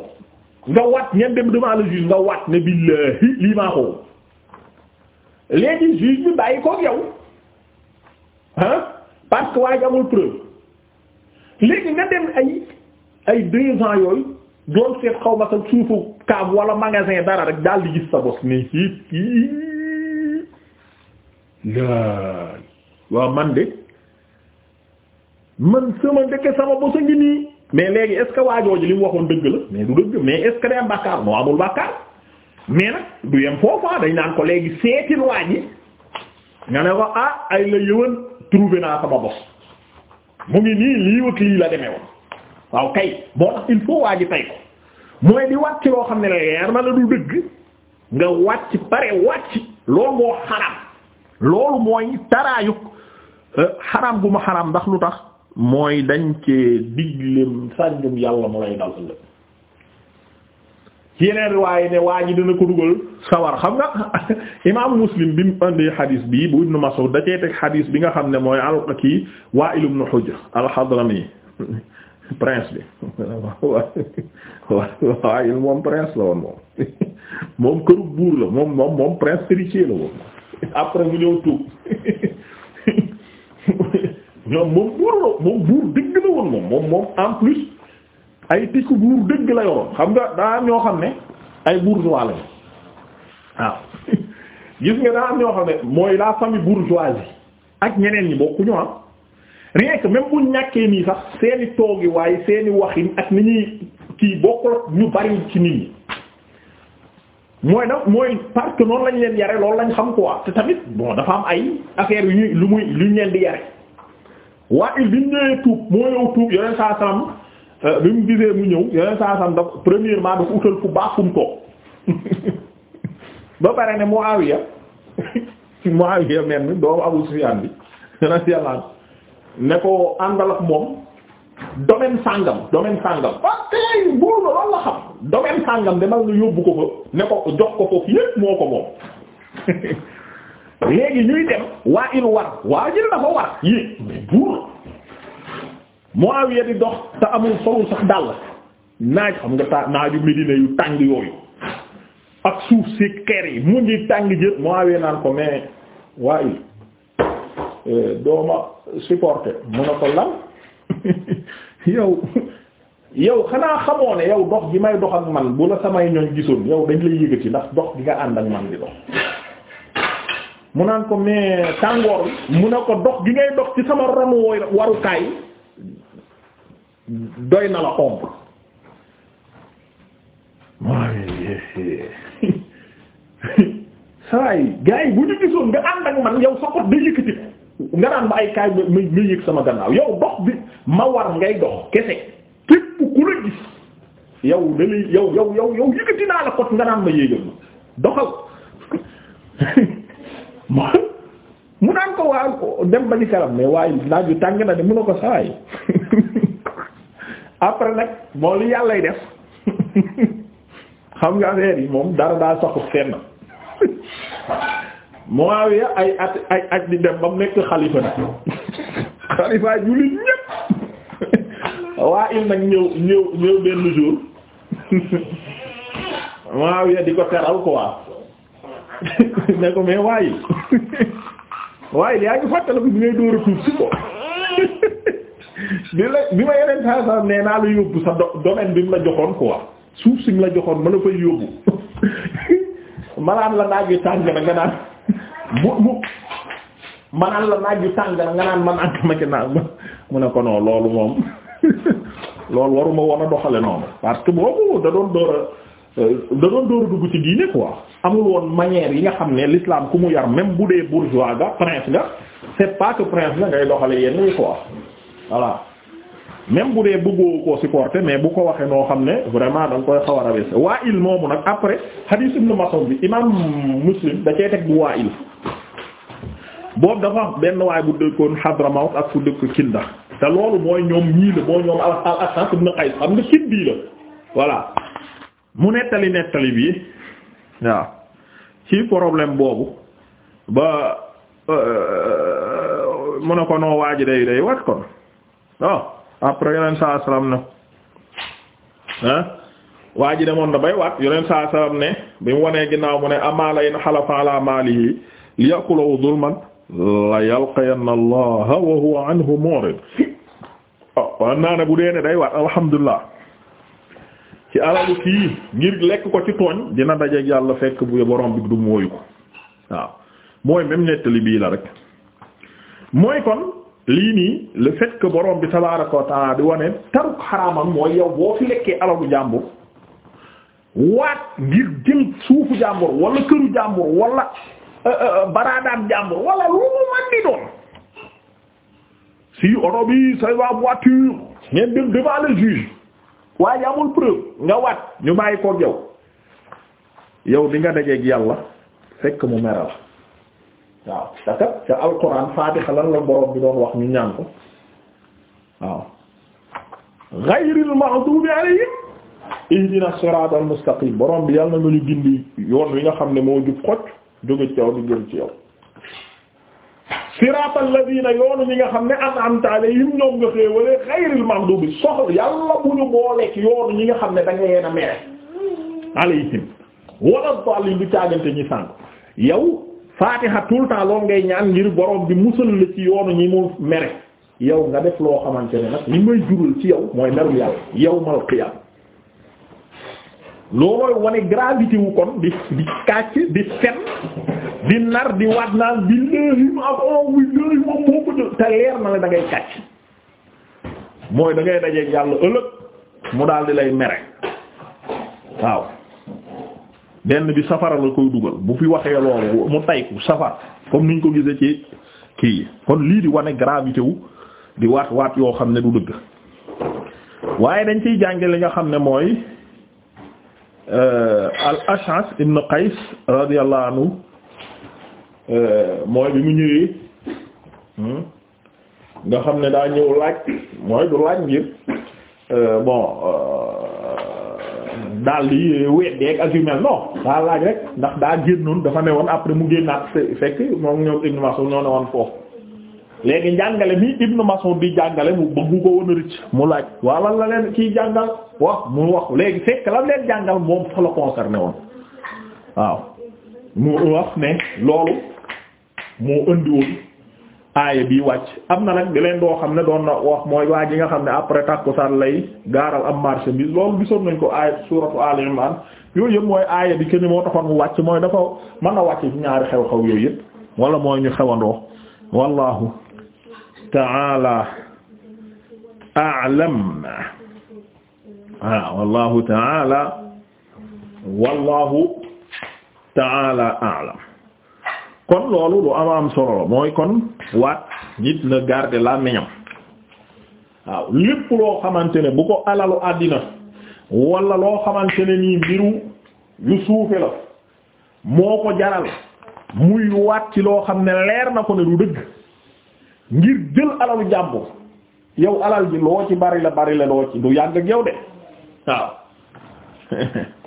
nga wat ñeen dem devant le juge nga wat ne billahi lii maa ko léegi juge bi bàyyi koog yow ah parce que waaye amul preuve léegi nga dem ay ay deux yooyu doon seet xaw ma sa suufu kaab wala magasin dara rek daal di gis sa bopp ni hiit hiit man de man sama ndeke sama bosa ngi nii mais léegi est ce li mu waxoon dëgg la mais du dëgg mais est ce am bàkkaar moo amul bàkkaar mais nag du yem foofa ah, dañ naan ko léegi seetil waa ji nga ne ko ah ay la yëwan trouvé naa sama bos mu ngi nii lii ak lii la demee woon waaw kay boo tax il faut waa ji tay ko mooy di wàcc loo xam ne leer na la du dëgg nga wàcc pare wàcc loolu moo xaram loolu mooy taraayuk euh, xaram bu ma xaram ndax lu tax mooy dañ cee digleem sànjum yàlla mu lay dal ëllëg ci yeneen riwaay ne waa ji dina ko dugal sawar xam nga [laughs] imaamu muslim bi mu indi xadiis bi bu ibnu Mas'ud da teg xadiis bi nga xam ne mooy alqa kii Waa'il ibnu Hujr al-Hadrami prince bi [laughs] Waa'il moom prince la woon moom [laughs] moom këru buur la moom moom prince héritier la woon mu ñëw moom moom buur dëgg la woon moom moom moom en plus ay tikku buur dëgg la yoroon xam nga daa am ñoo xam ne ay bourgeois lañu waaw [laughs] gis nga daa am ñoo xam ne mooy la famille bourgeoisie ak ñeneen ñi bokkuñu am ah. rien que même bu ñàkkee nii sax seeni toogi waaye seeni waxin ak ni ñuy kii bokkul ñu bari ci nit ñi mooy na mooy parce que noonu lañ leen yare loolu lañ xam quoi te tamit bon dafa am ay affaire yu ñuy lu muy luñ leen di yare waa il bi tuub moo yow tuub yoneen saa salaam Euh, bi mu gisee mu ñëw yeneen saa sam daf premièrement dafa utal fu baax fu mu [laughs] ba pare ne Muawiya [laughs] Muawiya mel ni doomu Abu Sufyaan bi yeneen yàllaan ne ko àndal moom domaine sàngam domaine sàngam parce que buur la loolu la xam domaine sàngam demal nga yóbbu ko fa ne ko jox ko foofu yépp moo ko moom [laughs] léegi ñuy dem waa il war waa jël dafa war yi buur mu Muawiya di dox te amul solul sax dàll naaj xam nga taa naaju Medina yu tàng yooyu ak suuf si xeer yi mu ngi tàng jër Muawiya naan ko mais waaye euh, dooma supporter mu ne ko lan [laughs] yow yow xanaa xamoo ne yow dox gi may dox ak man bu la samay ñoñ gisoon yow dañ lay yëgati ndax dox gi nga ànd ak man di dox mu naan ko mais tàngoor bi mu ne ko dox gi ngay dox ci sama ronu wooy warukaay doy na la ombre waaye [laughs] saa yi gars yi bu ñu gisoon nga ànd ak man yow sa kot day yëkkati nga naan ma ay kaay ma ma ma sama gannaaw yow dox bi ma war ngay dox kese képp ku la gis yow da lay yow yow yëkkati naa la kot nga naan ma yéegal ma doxal [laughs] mu naan ko waaw dem ba ci karam mais waaye naaj yu tàng na de mun na ko saa [laughs] après nag moo li yàllay def xam nga affaire yi moom dara daa saxut fenn Muawiya ay at ay at di dem ba mu nekk xalifa nag xalifa jullit ñépp waa il ko teral ne ko mais waa il yaa ngi fàttaliku bi ngay door a tuub si ko bi la bi ma yeneen saa nee naa la yóbbu sa domaine bi mu la joxoon quoi suuf si mu la joxoon ma la fay yóbbu [laughs] manaan la naaj yu tàng na nga naan [laughs] bu bu manaan la naaj yu na nga naan man àgg ma ci naan mu ne ko non loolu moom [laughs] loolu waruma woon a doxale noonu parce que boobu da doon door a euh, da doon door dugg ci diine quoi amul woon manière yi nga xam ne l'islam ku mu yar même bu dee bourgeois ga prince ga c'est pas que prince la ngay doxale yenn yi quoi voilà même bu dee bëggoo koo supporter mais bu ko waxee noo xam ne vraiment da nga koy xaw a rabais waa il moomu nag après mu Ibn Mas'ud bi imam Muslim da cee teg bu waa il boobu dafa benn waay bu dëkkoon Hadramaut ak fu dëkk Kinda te loolu mooy ñoom ñii la mooy ñoom al-Asad ibn Qays xam nga kin bii la voilà mu nettali nettali bi waaw ci problème boobu ba euh, mu ne ko noo waaji day day wat kon waaw après yoneen saa salaam na ah waa ji demoon na bay waat yoneen saa salaam ne bi mu wanee ginnaaw mu ne amaa in xalafa ala maalihi li yakulu zulman la yalqayanna allaha wa huwa anhu murid waaw oh, bu dee ne day waat alhamdulilah ci alalu kii ngir lekk ko ci tooñ dina dajeeg yàlla fekk bu borom bi du mooyu ko mooy même nettali bii rek mooy kon. lii nii le fait que borom bi tabaaraka wa di wane boo fi lekkee alalu jàmbur waat ngir jël suufu jàmbur wala këru jàmbur wala euh, euh, euh, baraadaam jàmbur wala lu mu man doon si oto bi say waa voiture ngeen dem devant le juge waaye amul preuve nga waat ñu bàyyi koog yow yow di nga dajeeg yàlla fekk mu meral waaw te kat ca alquran faatiha lan la borom bi doon wax ñu ñaan ko waaw ghayril maghdubi alayhim ihdina siratal mustaqim borom bi yàlla na ñu gindi yoon wi nga xam ne moo jub xocc jóge ci yow di jëm ci yow siratal ladina yoonu ñi nga xam ne an'amta alayhim ñoom nga xéewalee ghayril maghdubi soxla yàlla bu ñu booleek yoonu ñi nga xam ne da nga yeen a mere alayhim wala dallin du caagante ñi sànk yow faatiha tout le temps loolu ngay ñaan ngir borom bi musal la ci yoonu ñi mu mere yow nga def loo xamante ne nag li may jural ci yow mooy meru yàlla yawmal qiyaam loolooy wane gravité wu kon di kàcc di fen di nar di waat naan bi léegi ma am bi léegi ma moo ko jël te leer na la da kàcc mooy dangay ngay dajeeg yàlla ëllëg mu daal di lay mere waaw benn bi safara la koy dugal bu fi waxee loolu mu tayku safar comme niñ ko gisee ci kii kon lii di wane gravité wu di waat waat yoo xam ne du dëgg waaye dañ kiy jànge li nga xam ne mooy euh, al Ash'as euh, mooy bi mu ñëwee hmm, nga xam ne daa ñëw laaj mooy du laaj ngir euh, bon daal di eh, weddeeg ak yu mel non daa laaj rek ndax daa génnoon dafa ne woon après mu génnaat fekk moom ñoom Ibn Mas'ud ñoo ne woon foofu léegi njàngale mi Ibn Mas'ud di jàngale mu bëggu ko woon a mu laaj waaw la leen kiy jàngal wax mu wax léegi fekk lan leen jàngal moom fa la concerné woon waaw mu wax ne loolu moo indi woon aaya bii wàcc am na nag di leen doo xam ne doon na wax mooy waa ji nga xam ne après tàkkusaan lay gaaral am marché bi loolu gisoon nañ ko aaya suratu Ali Imran yooyu yëpp mooy aaya bi kenn moo taxoon mu wàcc mooy dafa mën na wàcc ci ñaari xew-xew yooyu yëpp wala mooy ñu xewandoo wallahu ta'ala a'lam waaw ah, wallahu ta'ala wallahu ta'ala a'lam kon loolu lu am am solo mooy kon waat nit na garder la waaw lépp loo xamante ne bu ko alalu àddina wala loo xamante ne nii mbiru yu suufe la moo ko jaral muy waat ci loo xam ne leer na ko ne du dëgg ngir jël alalu jàmbur yow alal ji loo ci bari la bari la loo ci du yàgg ak de waaw [laughs]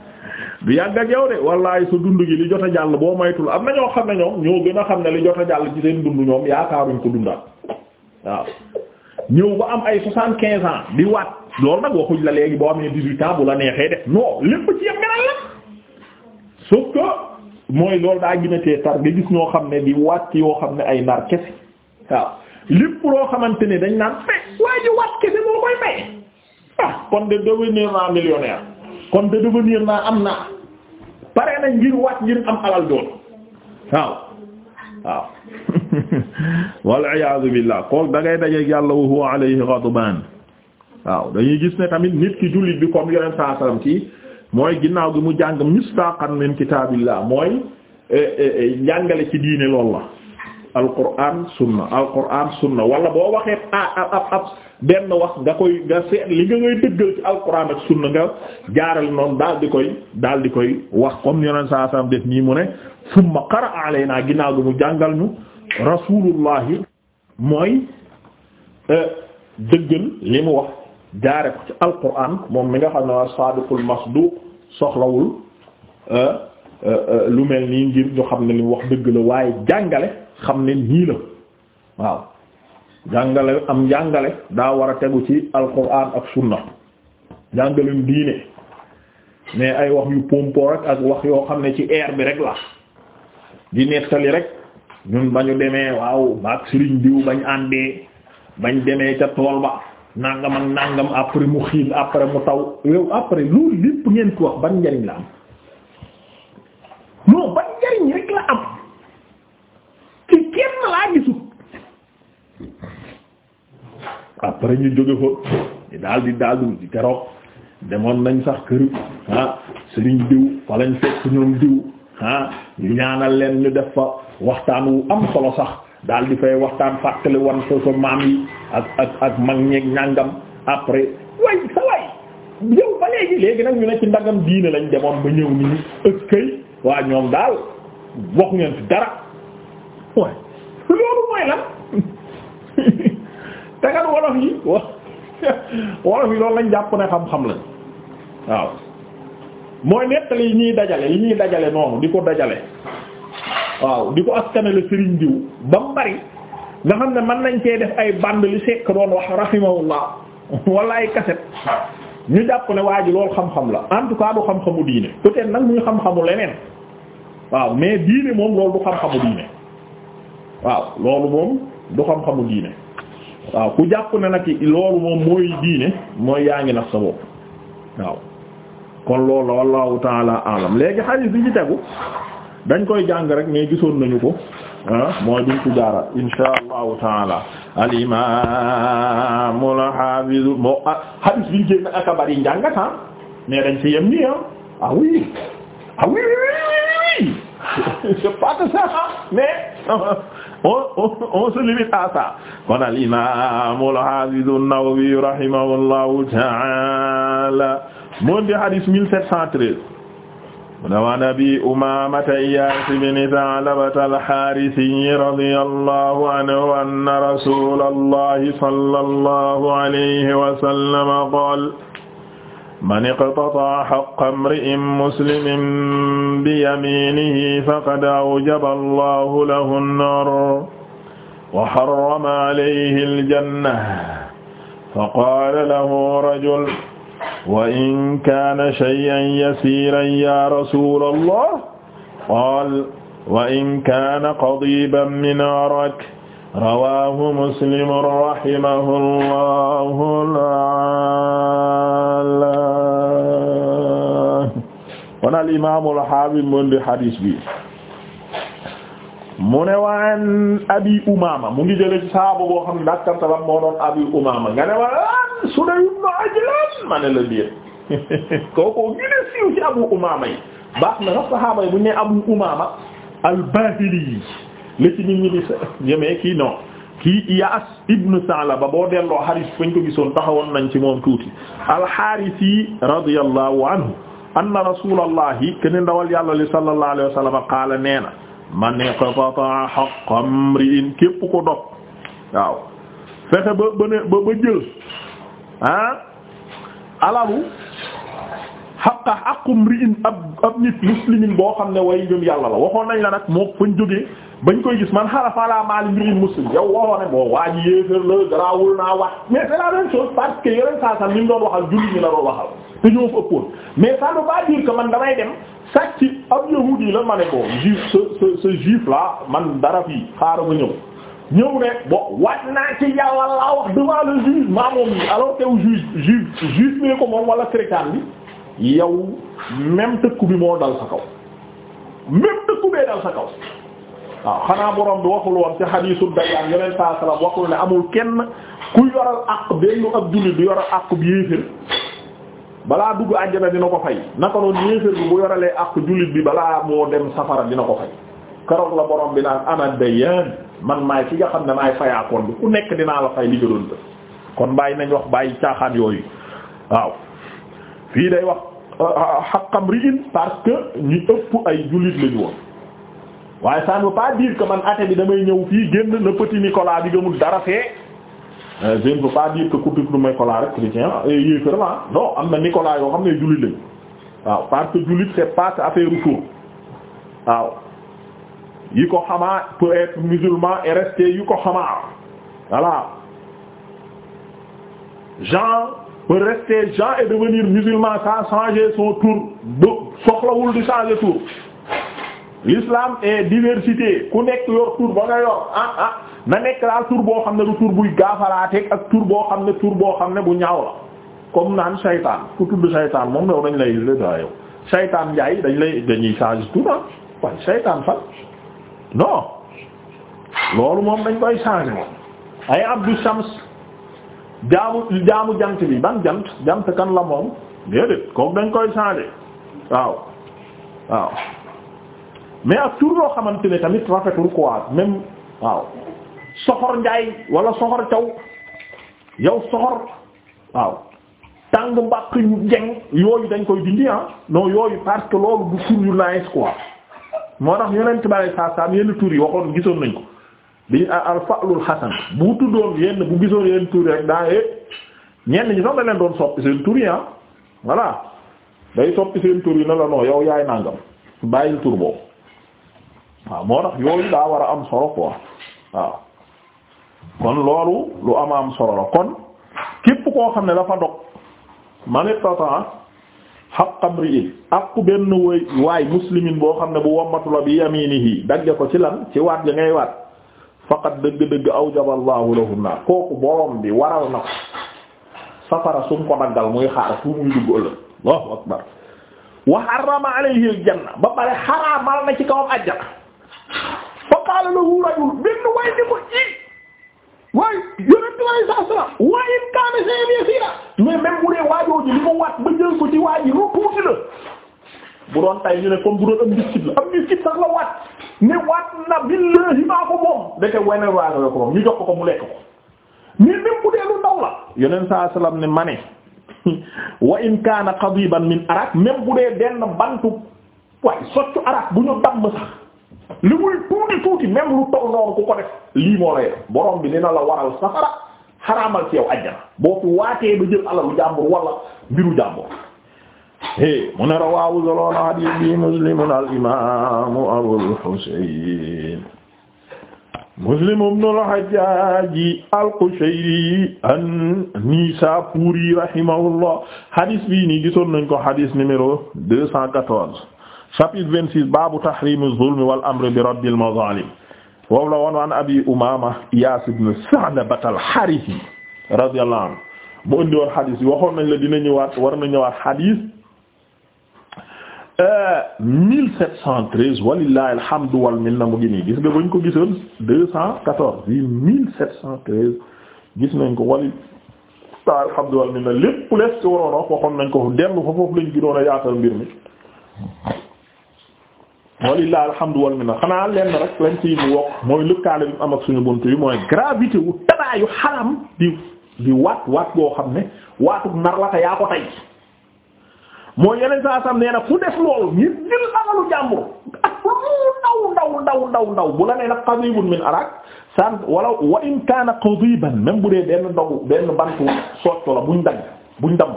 du yàgg ak de wallahi sa dund gi li jot a jàll boo maytul am na ñoo xam ne ñoom ñoo gën a xam ne li jot a jàll ci seen dund ñoom yaakaaruñ ko dundaat waaw ñëw ba am ay soixante quinze ans di waat lool nag waxuñ la léegi boo amee dix-huit ans bu la neexee def non lépp ci yam ngenal la sauf que mooy loolu daa gën a tee tar nga gis ñoo xam ne di waat ci yoo xam ne ay nar kese waaw lépp loo xamante ni dañ naan mais waa ji waat kese moo koy maye ah kon de devenir am naa pare nañ ngir waat ngir am alal doon waaw waaw [laughs] wal iyaadu billah kook da ngay dajeek yàlla wa huwa alayhi ghadbaan waaw dañuy gis ne tamit nit ki jullit bi comme yoneen saa salaam ci mooy ginnaaw gi mu jàng mistaqan min kitaabillah mooy eh, eh, eh, njàngale ci diine loolu la alquran sunna alquran sunna wala boo waxee ab ab ab benn wax nga koy nga seet li nga ngay dëggal ci alquran ak sunna nga jaarale noonu daal di koy daal di koy wax comme yoneen saa saam mu ne summa qara alaynaa ginnaaw gi mu jàngal ñu mooy euh, dëggal ci alquran moom mi nga xam ne waa sadiqul masduq soxlawul euh, euh, lu mel nii ngir ñu xam ne li mu wax dëgg la waaye jàngale xam ne nii la waaw jàngale am jàngale daa war a tegu ci alquran ak sunna jàngaleen diine mais ay wax yu pompo rek ak wax yoo xam ne ci air bi rek la di nettali rek ñun ba ñu demee waaw baag sëriñ diw bañ àndee bañ demee ca tool ba nangam ak nangam après mu xiin après mu taw yow lépp ngeen ko wax ban njariñ la am non bañ laa gisut après ñu jóge fa ñu daal di daal di keroog demoon nañ sax kër ah sëriñ diw fa lañ fekk ñoom diw ñaanal leen ñu def fa waxtaan wu am solo sax daal di fay waxtaan fàttali wan ko maam yi ak ak ak mag ñeeg ñàngam après way sa way yow ba léegi léegi nag ñu ne ci ndagam diine lañ demoon ba ñëw ni ñu ëskay waa ñoom daal wax ngeen fi dara [laughs] loolu mooy lan [laughs] te kat wolof yi [laughs] wolof yi loolu lañ jàpp ne xam-xam lañ waaw mooy nettali yi ñuy dajale yi ñuy dajale noonu di ko dajale waaw di ko askanale sëriñ diw ba mu bari nga xam ne mën nañ cee def ay band li sekk doon wax rahimahullah wala ay kaset ñu jàpp ne waa ji loolu xam-xam la en tout cas du xam-xamu diine peut nag muy xam-xamu leneen waaw mais diine moom loolu du xam-xamu diine waaw loolu moom du xam-xamu diine waaw ku jàpp ne nag loolu moom mooy diine mooy yaa ngi nax sa bopp waaw kon loolu la wallahu taala alam léegi xadiis bi ci tegu dañ koy jàng rek mais gisoon nañu ko mooy duñ ko jaaraat insha allahu taala al imaam al moo xadiis biñ génn ak a bari njàngata mais dañ ci yem nii ah ah oui ah oui oui oui oui c'est mais on on se limite à ça kon al imam al hafiz an-Nawawi rahimahullahu ta'ala moo di hadith 1713 wa nabi umamata iyas ibn Tha'labata al-Harisi radiyallahu anhu anna rasulallahi sallallahu alayhi wa sallam qala man iqtataa haqqa imri'in muslimin biyaminihi faqad awjaba allahu lahu an-nar wa harrama alayhi al-janna faqaala lahu rajul wa in kaana shay'an yasiiran ya rasuula allah qaala wa in kaana qadiiban min arak rawaahu muslim rahimahullahu ta'ala kon al imaam al haafid mu di hadis bi mu ne waan abi umama mu ngi jël ci sahaaba boo xam ne dakkartalam abi umama nga ne ma lan Sudayy Ajlan ma ne la biir [laughs] kooku gën a siiw ci abu umama baax na sax sahaaba yi bu ne abu umama al-Baahili la ci nit ñi di jëmee kii non kii Iyaas ibnu ba boo delloo xaris fañ ko gisoon taxawoon nañ ci moom tuuti alxaarisi radiyallahu anhu anna rasulallahi ken ndawal yàlla li sallallahu alayhi wa sallam qaala nee na man iqta'a haqqa imri'in képp ko dog waaw fexe ba ba ba jël ah alalu xaqa aqum ri in ab ab nit muslimin boo xam ne way ngëm yàlla la waxoon nañ la nag moo fañ jógee bañ koy gis man xarafala maali mri in muslim yow waxoon ne moo waa ji yéefér la garaawul naa wax mais c'est la même chose parce que yeneen saa san ni mu doon waxal julli la doon waxal te ñoo fa ëppoon mais ça ne veut pas man damay dem sàcc ab yahuud yi la ma ne ko juif ce ce juif là man dara fii xaaral ma ñëw ñëw ne bon waat naa ci yàlla laa wax devant le juge maa moom alors ko moom wala chrétien bi yow même tëkku bi moo dal sa kaw même tëkku bee dal sa kaw waaw xanaa borom bi waxul woon ci xadiisul dayaan yeneen saa salaam waxul ne amul kenn ku yoral àq benn ab jullit du balaa dugg àjjana dina ko fay naka noonu yéeféer bi bu yoralee àq jullit bi balaa moo dem safara dina ko fay keroog la borom bi naan ana dayaan man maay ki nga xam ne maay fayaakoon bi ku nekk dinaa la fay li nga doon kon bàyyi nañ wax bàyyi caaxaan yooyu waaw fii day wax xaqam riin parce que ñu ëpp ay jullit lañu woon waaye ça ne veut pas dire man athée bi damay ñëw fii génn le petit Nicolas bi gëmul dara fee euh, je ne veux pas dire que ku rek chrétien yéefar la eh, ah. non am na Nicolas yoo xam ne jullit lañu waaw parce que jullit c'est pas affaire tour waaw yi ko xamaa peut être musulman et rester ko xamaa voilà Jean rester Jean et devenir musulman sans changer son tour bu soxlawul di changer tour l'islam est diversité ku nekk yor tour ba nga yor ah ah na nekk daal tour boo xam ne du tour buy gaafalaateeg ak tour boo xam ne tour boo xam ne bu ñaaw la comme naan saytaan ku tudd saytaan moom yow dañ lay lëdaa yow saytaan njaay dañ lay dañuy changer tour ah waaye saytaan fan non loolu moom dañ koy changer moom ay Abdou Shams jaamu jaamu jant bi ban jant jant kan la moom déedéet kooku dañ koy changer waaw waaw mais ak tur loo xamante ne tamit rafetul quoi même waaw soxor njaay wala soxor caw yow soxor waaw tàng mbàq yu jeng yooyu dañ koy dindi ah non yooyu parce que loolu du tur yu nice quoi moo tax yeneen tubaab yi saa yenn tur yi waxoon gisoon nañ ko. bi al fa'lul hasan bu tuddoon yenn bu gisoon yenn tur rek daa yëg ñenn ñi sax leen doon soppi seen tur yi ah day soppi seen tur yi ne la non yow yaay nangam bàyyil tur boobu waaw moo tax yooyu daa war a am solo quoi waaw kon loolu lu am am solo la kon képp koo xam ne dafa dog man istata ah haqqa mri'in aqu benn waay muslimin boo xam ne bu wommatu la bi yaminihi dagge ko ci lan ci waat li ngay waat. faqad dëgg-dëgg awjaba allahu lahu naar kooku borom bi waral na ko safara su daggal muy xaar fu muy dugg ëllëg allahu akbar wa harrama alayhi aljanna ba pare xaraamal na ci kawam àjjana fa qaala lahu rajul benn way ni ko ci waaye yonent bi alayhi salaatu salaam waaye yasiira mais même bu dee li ko waat ba ko ci waa ji rëppuuti la bu doon tay ñu ne comme bu doon am miskit la am miskit sax la waat ne waat na billahi maa ko moom deke wene waagale ko moom ñu jox ko ko mu lekk ko ni même bu dee lu ndaw la yeneen saa sallam ne ma ne [laughs] wa in kaana qadiban min arak même bu dee benn bantu waaye soccu arak bu ñu damm sax li muy tuuti tuuti même lu toll noonu ku ko def lii moo lay borom bi dina la waral safara xaraamal ci ajjana boo fi waatee ba jël alalu jàmbur wala mbiru jàmbur he mu ne rawaahu soloona hadis bi muslimun al imaamu abul husayn muslim ibnul hajjaaji al qushayri an nisapuri rahimahullah hadis bi nii gisoon nañ ko hadis numéro 214 chapitre 26 baabu tahriimi zulmi wal amri bi raddil mazaalim woowu la woon waan abi umaama iyaas ibn sa'laba al haarisi radiyallahu anhu mu indi woon hadis bi waxoon nañ la dina ñëwaat war na ñëwaat hadis 1713 walillahi alhamdu wal na mu ngi nii gis nga buñ ko gisoon 214 yi 1713 gis nañ ko wali alhamdu wal minna lépp lees ci waroon wax waxoon nañ ko dellu fa foofu lañ gënoon a yaatal mbir mi walillahi alhamdu wal minna xanaa lenn rek lañ ci bu wokk mooy lëkkaale bi am ak suñu bunt yi mooy gravité wu tabaayu xaram di di waat waat boo xam ne waatu nar la te yaa ko tey mooy yeneen saa sam nee na ku def loolu ngir jël alalu jàmbur ak ndaw ndaw ndaw ndaw ndaw bu la nee nag qadibun min arak san wala wa in kaana qadiban même bu dee benn ndogu benn bantu soccu la buñ dagg buñ damm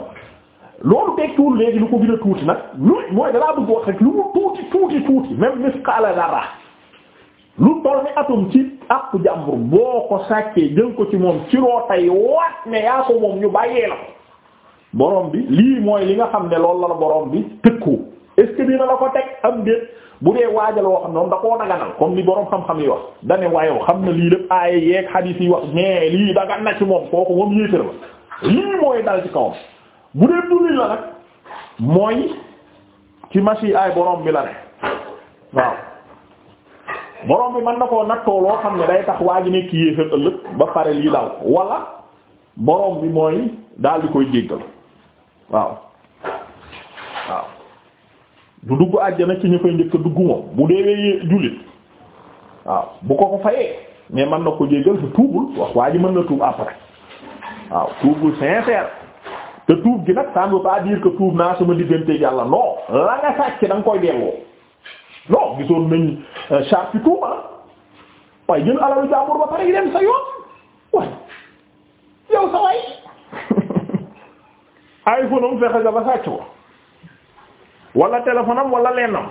loolu tekkiwul léegi lu ko gën a tuuti nag lu mooy dalaa bëgg wax rek lu mu tuuti tuuti tuuti même misqala dara lu toll ni atum ci àpp jàmbur boo ko sàkkee jël ko ci moom ci loo tay waat ne yaa ko moom ñu bàyyee la borom bi lii mooy li nga xam ne loolu la la borom bi tëkku est-ce que la ko teg am déet bu dee waajal woo xam ne moom da koo daganal comme li borom xam-xam yi wax dane waaye xam na lii lépp yi wax mais lii dagan na ci moom moom yéefér la lii mooy dal ci kawam bu dee duli la nag mooy ci machi ay borom bi la ne waaw borom bi mën na koo nattoo loo xam ne day tax waa ji nekk yéefér ëllëg ba pare lii daal wala borom bi mooy daal di koy jéggal waaw waaw du dugg àjjana ci ñu fay njëkk dugg moom bu deewee jullit waaw bu ko ko fayee mais mën na ko jéggal te tuubul wax waa ji mën na tuub après waaw tuubul sincère te tuub gi nag ça ne veut pas dire tuub naa sama diggante yàlla non la nga sàcc da nga koy delloo non gisoon nañ euh, charte ci tuub ah waaye jël alalu jàmbur ba pare yi dem sa yoon yow sa way iPhone am fexe nga ba sàcc ko wala téléphone am wala lennam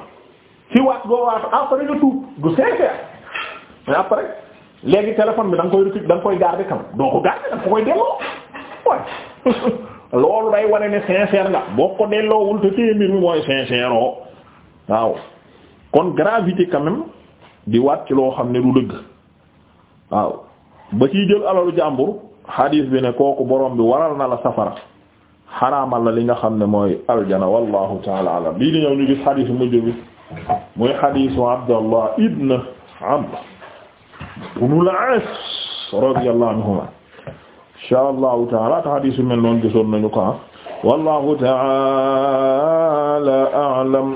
ci waat boo waat après nga tuub du sincère mais après léegi téléphone bi da nga koy da nga koy garder kam doo ko garder da [laughs] boo ko delloowul te téye mbir bi mooy sincère waaw kon gravité quand di waat ci loo xam ne du dëgg waaw ba ciy jël alalu jàmbur hadis bi ne kooku borom bi waral na la safara. xaraamal la li nga xam ne mooy aljana wallahu taala alam bii di ñëw ñu gis xadiis mujj bi muy xadiisu Abdallah ibn Amr ibn al-As radiyallahu anhuma insha allahu taala te xadiis yu mel noonu gisoon nañu ko wallahu taala alam